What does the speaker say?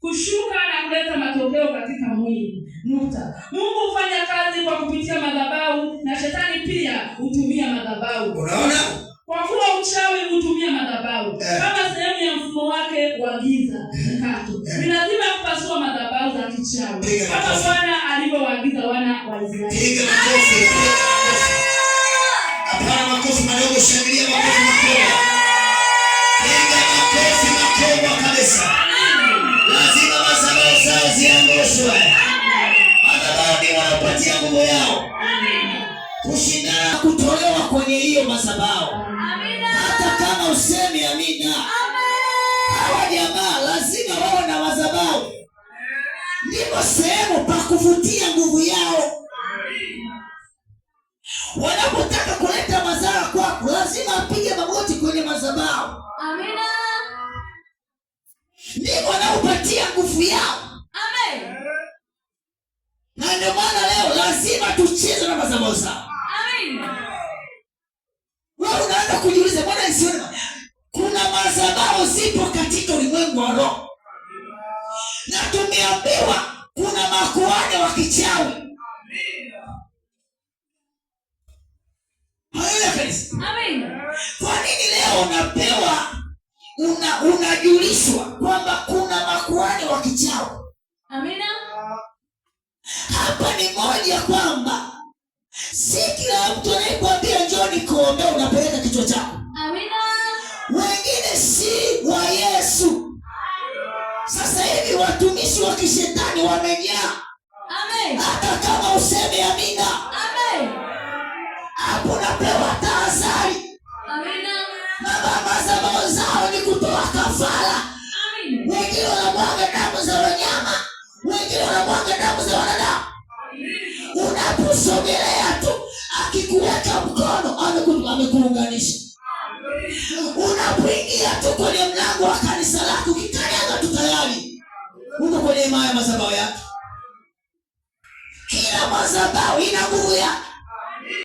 kushuka na kuleta matokeo katika mwili. Nukta. Mungu hufanya kazi kwa kupitia madhabahu na shetani pia hutumia madhabahu. Unaona? Kwa kuwa uchawi hutumia madhabahu yeah, kama sehemu ya mfumo wake wa giza mkato. Eh. Yeah. Ni lazima kupasua madhabahu za kichawi kama Bwana alivyoagiza wana wa Israeli. kushindana kutolewa kwenye hiyo madhabahu, hata kama usemi amina. Hawa jamaa lazima wawe na madhabahu, ndipo sehemu pa kuvutia nguvu yao. Wanapotaka kuleta madhara kwako, lazima apige magoti kwenye madhabahu, ndipo anaupatia nguvu yao. kwanza kwa sawasawa. Wewe unaanza kujiuliza, Bwana isiwema, kuna madhabahu zipo katika ulimwengu wa roho, na tumeambiwa kuna makuhani wa kichawi. Kwa nini leo unapewa una, unajulishwa kwamba kuna makuhani wa kichawi? Amina. Hapa ni moja kwa mtu anayekuambia njoo nikuombee, unapeleka kichwa chako. Wengine si wa Yesu. Sasa hivi watumishi wa kishetani wamejaa, hata kama useme amina, hapo napewa tahadhari na mama zamao zao ni kutoa kafara. Wengine wanamwaga damu za wanyama, wengine wanamwaga damu za wanadamu unaposogelea akikuweka mkono amekuunganisha. Unapoingia tu kwenye mlango wa kanisa lako, kikanyaga tu tayari uko kwenye maya mazabao madhabahu yake. Kila madhabahu ina nguvu yake.